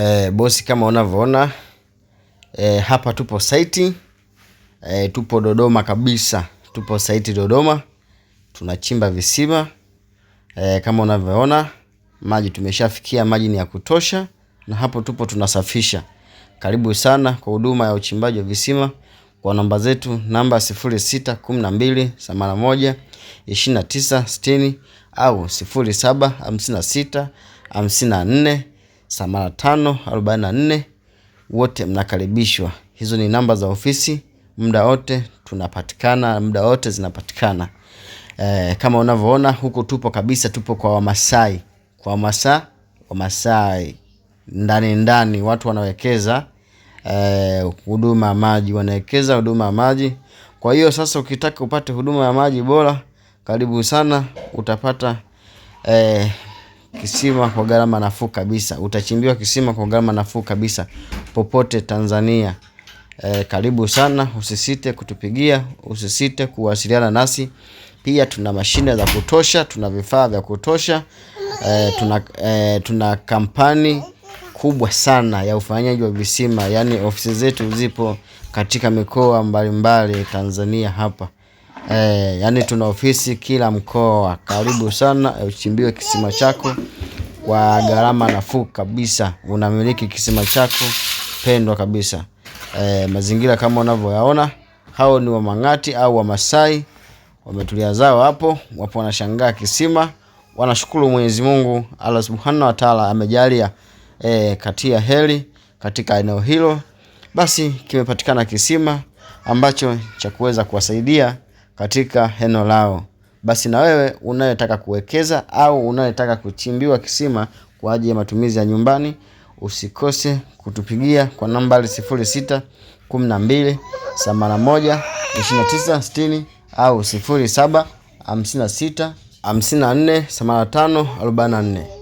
E, bosi kama unavyoona e, hapa tupo saiti e, tupo Dodoma kabisa, tupo saiti Dodoma tunachimba visima e, kama unavyoona maji tumeshafikia, maji ni ya kutosha, na hapo tupo tunasafisha. Karibu sana kwa huduma ya uchimbaji wa visima kwa namba zetu, namba 0612812960 au 075654 Samara mara tano arobaini na nne. Wote mnakaribishwa. Hizo ni namba za ofisi, muda wote tunapatikana, muda wote zinapatikana. E, kama unavyoona huko tupo kabisa, tupo kwa Wamasai, kwa masa Wamasai ndani ndani, watu wanawekeza eh, huduma e, ya maji, wanawekeza huduma ya maji. Kwa hiyo sasa ukitaka upate huduma ya maji bora, karibu sana utapata e, kisima kwa gharama nafuu kabisa. Utachimbiwa kisima kwa gharama nafuu kabisa popote Tanzania. E, karibu sana, usisite kutupigia, usisite kuwasiliana nasi. Pia tuna mashine za kutosha, tuna vifaa vya kutosha e, tuna, e, tuna kampani kubwa sana ya ufanyaji wa visima, yaani ofisi zetu zipo katika mikoa mbalimbali Tanzania hapa eh, yani tuna ofisi kila mkoa. Karibu sana eh, uchimbiwe kisima chako kwa gharama nafuu kabisa, unamiliki kisima chako pendwa kabisa. Eh, mazingira kama unavyoyaona, hao ni Wamang'ati au Wamasai, wametulia zao hapo, wapo wanashangaa kisima, wanashukuru Mwenyezi Mungu Allah Subhanahu wa Ta'ala amejalia eh, katia heri katika eneo hilo, basi kimepatikana kisima ambacho cha kuweza kuwasaidia katika heno lao. Basi na wewe unayetaka kuwekeza au unayetaka kuchimbiwa kisima kwa ajili ya matumizi ya nyumbani, usikose kutupigia kwa nambari 06 au 07